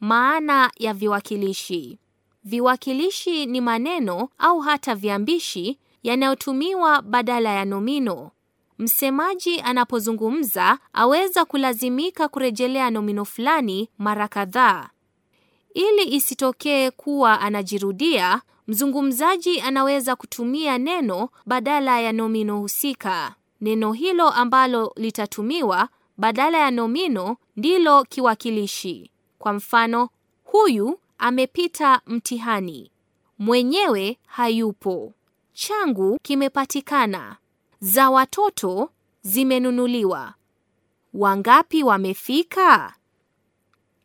Maana ya viwakilishi. Viwakilishi ni maneno au hata viambishi yanayotumiwa badala ya nomino. Msemaji anapozungumza aweza kulazimika kurejelea nomino fulani mara kadhaa. Ili isitokee kuwa anajirudia, mzungumzaji anaweza kutumia neno badala ya nomino husika. Neno hilo ambalo litatumiwa badala ya nomino ndilo kiwakilishi. Kwa mfano, huyu amepita mtihani, mwenyewe hayupo, changu kimepatikana, za watoto zimenunuliwa. Wangapi wamefika?